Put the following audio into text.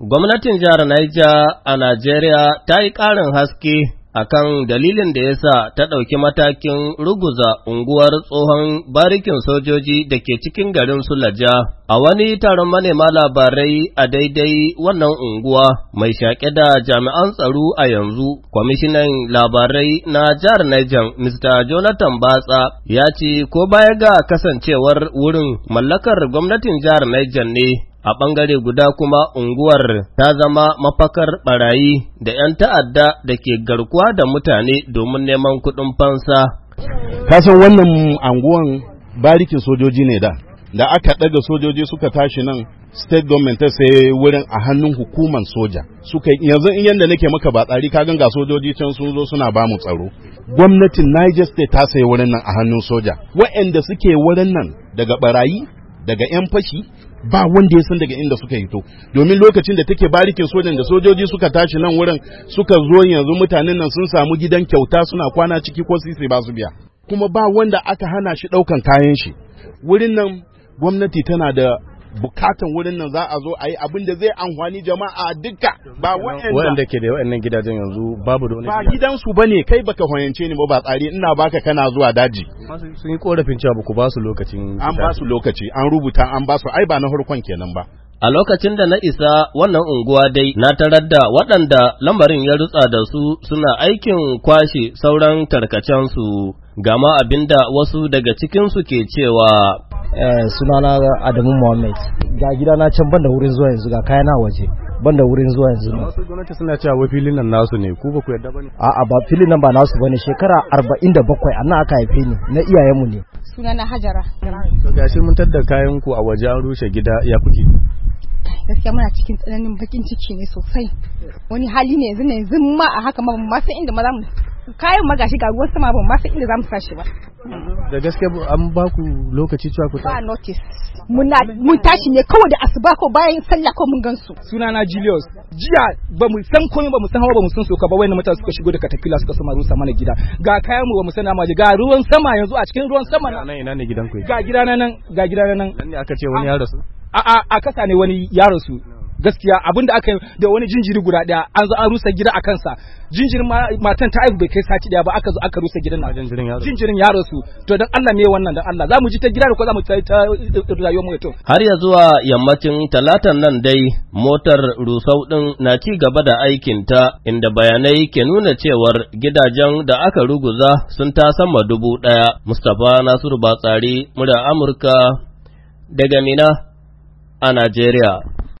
Gwamnatin jihar Naija a Najeriya ta yi ƙarin haske a kan dalilin da ya sa ta ɗauki matakin ruguza unguwar tsohon barikin sojoji da ke cikin garin Sulaja a wani taron manema labarai a daidai wannan unguwa mai shaƙe da jami'an tsaro a yanzu. Kwamishinan labarai na jihar Niger, Mr. Jonathan Batsa, ya ce ko baya ga kasancewar wurin mallakar gwamnatin jihar Niger ne a ɓangare guda kuma unguwar ta zama mafakar ɓarayi da 'yan ta'adda da ke garkuwa da mutane domin neman kuɗin fansa. Kasan wannan anguwan barikin sojoji ne da, da aka ɗaga sojoji suka tashi nan state government ta sai wurin a hannun hukuman soja suka yanzu in yadda nake maka ba tsari ka ga sojoji can sun zo suna ba mu tsaro gwamnatin Niger state ta sayi wurin nan a hannun soja waɗanda suke wurin nan daga barayi daga 'yan fashi ba wanda ya san daga inda suka hito domin lokacin da take barikin sojan da sojoji suka tashi nan wurin suka zo yanzu mutanen nan sun samu gidan kyauta suna kwana ciki ko sisi ba su biya kuma ba wanda aka hana shi ɗaukan kayan shi wurin nan gwamnati tana da bukatan wurin nan za a zo a yi abin da zai amfani jama'a duka ba wanda ke da waɗannan gidajen yanzu babu da wani ba gidansu bane kai baka hoyance ni ba ba tsari ina baka kana zuwa daji sun yi korafin cewa ba ku ba su lokacin an ba su lokaci an rubuta an ba su ai ba na farkon kenan ba A lokacin da na isa wannan unguwa dai na tarar da waɗanda lambarin ya rutsa da su suna aikin kwashe sauran tarkacensu, gama abinda wasu daga cikinsu ke cewa Eh, sunana Adamu Muhammad ga gida na can banda wurin zuwa yanzu ga kaya na waje banda wurin zuwa yanzu ne wasu gwamnati suna cewa wa filin nan nasu ne ku ba ku yadda bane a'a ba filin nan ba nasu bane shekara 47 annan aka haife ni na iyayenmu ne sunana Hajara to gashi mun tadda kayan ku a waje an rushe gida ya kuke gaskiya muna cikin tsananin bakin ciki ne sosai wani hali ne yanzu ne yanzu ma a haka ma ba san inda ma za mu kayan magashi ga ruwan sama ban ma san inda zamu sashi ba da gaske an ba ku lokaci cewa ku ta notice muna mun tashi ne kawai da asuba ko bayan sallah ko mun gansu sunana Julius jiya ba mu san komai ba mu san hawa ba mu san soka ba wayannan mutane suka shigo da katafila suka sama rusa mana gida ga kayan mu ba mu san ma ga ruwan sama yanzu a cikin ruwan sama na ina ne gidan ku ga gidana nan ga gidana nan Dan ne aka ce wani ya rasu a a a kasa ne wani ya rasu gaskiya abin da aka da wani jinjiri guda daya an zo an rusa gida a kansa jinjirin matan ta aiki bai kai sati daya ba aka zo aka rusa gidan nan jinjirin ya rasu to dan Allah ne wannan dan Allah zamu ji ta gida da ko zamu ta rayuwar mu to har ya zuwa yammacin talatan nan dai motar rusau din na ci gaba da aikin ta inda bayanai ke nuna cewar gidajen da aka ruguza sun ta sama dubu daya Mustapha Nasiru Batsari murya Amurka daga Mina a Najeriya